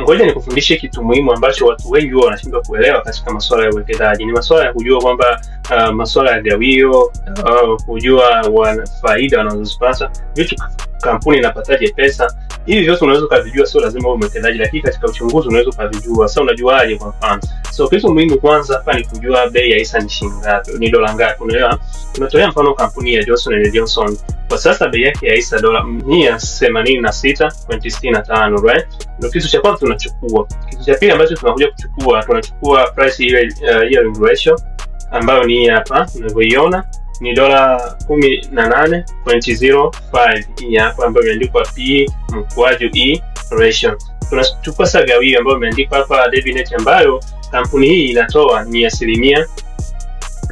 Ngoja nikufundishe kitu muhimu ambacho watu wengi huwa wanashindwa kuelewa katika masuala ya uwekezaji. Ni masuala ya kujua kwamba uh, masuala ya gawio uh, kujua wana faida wanazozipata vitu, kampuni inapataje pesa hivi vyote unaweza ukavijua, sio lazima uwe mwekezaji, lakini katika uchunguzi unaweza ukavijua. Sasa unajuaje? Kwa mfano, so kitu muhimu kwanza hapa ni kujua bei ya hisa ni shilingi ngapi, ni dola ngapi, unaelewa? Tunatolea mfano kampuni ya Johnson and Johnson kwa sasa bei yake ya hisa dola 186.65, right? Ndio kitu cha kwanza tunachukua. Kitu cha pili ambacho tunakuja kuchukua, tunachukua price ile, uh, ratio ambayo ni hapa unavyoiona ni dola kumi na nane pointi zero five hii hapa ambayo imeandikwa P e, mkwaju E ratio. Tunachukua sasa gawio ambayo imeandikwa hapa DeviNet ambayo kampuni hii inatoa ni asilimia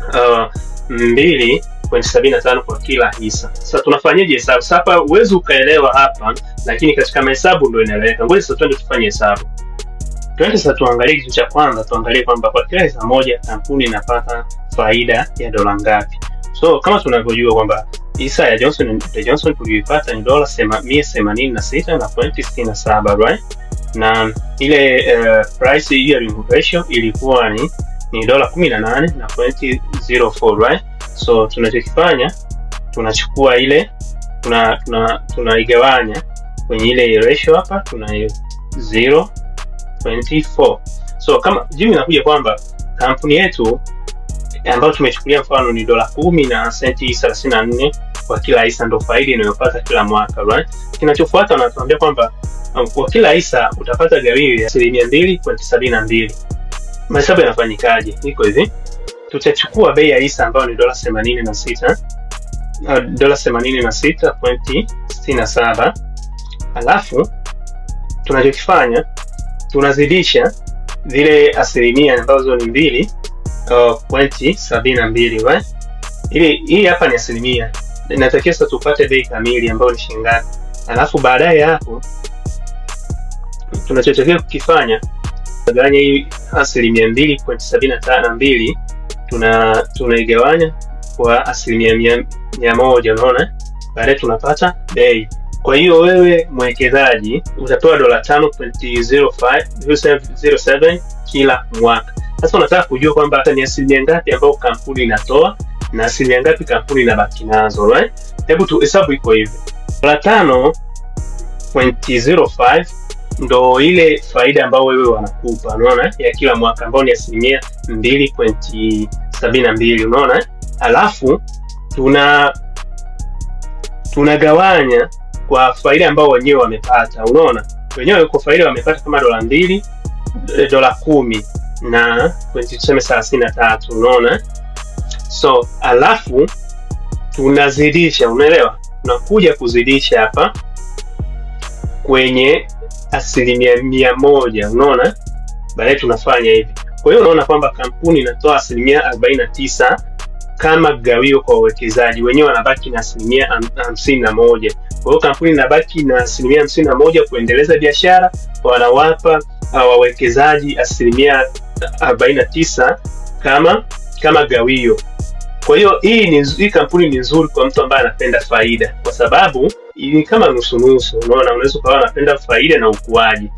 uh, mbili pointi sabini na tano kwa kila hisa. Sasa tunafanyaje hesabu? Sasa hapa huwezi ukaelewa hapa, lakini katika mahesabu ndio inaeleweka. Ngoja sasa twende tufanye hesabu. Tuende sasa tuangalie kitu cha kwanza, tuangalie kwamba kwa kila hisa moja kampuni inapata faida ya dola ngapi? So kama tunavyojua kwamba hisa ya Johnson the Johnson tuliipata ni dola mia themanini na sita na pointi sitini na saba right? na ile uh, price year ratio ilikuwa ni ni dola kumi na nane na pointi zero 04 right? So tunachokifanya tunachukua ile tunaigawanya tuna, tuna kwenye ile ratio hapa tuna 0.4. So kama jibu inakuja kwamba kampuni yetu Eh, ambayo tumechukulia mfano ni dola kumi na senti thelathini na nne kwa kila hisa, ndo faidi inayopata kila mwaka right? Kinachofuata wanatuambia kwamba um, kwa kila hisa utapata gawio ya asilimia mbili pointi sabini na mbili. Mahesabu yanafanyikaje? Iko hivi, tutachukua bei ya hisa ambayo ni dola themanini na sita uh, dola themanini na sita pointi sitini na saba alafu tunachokifanya tunazidisha zile asilimia ambazo ni mbili ikawa pointi sabini na mbili Ili hii hapa ni asilimia, inatakiwa sasa tupate bei kamili ambayo ni shilingi alafu baadaye hapo tunachotakiwa kukifanya gawanya hii asilimia mbili pointi sabini na mbili tuna tunaigawanya kwa asilimia mia moja unaona, baadaye tunapata bei. Kwa hiyo wewe mwekezaji utapewa dola tano pointi zero five zero seven kila mwaka. Sasa unataka kujua kwamba hata ni asilimia ngapi ambayo kampuni inatoa na asilimia ngapi kampuni inabaki nazo, right? Hebu tuhesabu iko hivi. Dola tano pointi zero five ndo ile faida ambayo wewe wanakupa, unaona, ya kila mwaka ambao ni asilimia mbili pointi sabini na mbili unaona. Alafu tuna tunagawanya kwa faida ambao wenyewe wamepata, unaona, wenyewe kwa faida wamepata kama dola mbili eh, dola kumi na tuseme thelathini na tatu unaona so alafu tunazidisha unaelewa tunakuja kuzidisha hapa kwenye asilimia mia moja unaona baadaye tunafanya hivi kwa hiyo unaona kwamba kampuni inatoa asilimia arobaini na tisa kama gawio kwa wawekezaji wenyewe wanabaki na asilimia hamsini na moja kwa hiyo kampuni inabaki na asilimia hamsini na moja kuendeleza biashara wanawapa ah, wawekezaji asilimia 49 kama kama gawio. Kwa hiyo hii ni hii kampuni ni nzuri kwa mtu ambaye anapenda faida, kwa sababu ni kama nusu nusu. Unaona, unaweza ukawa anapenda faida na ukuaji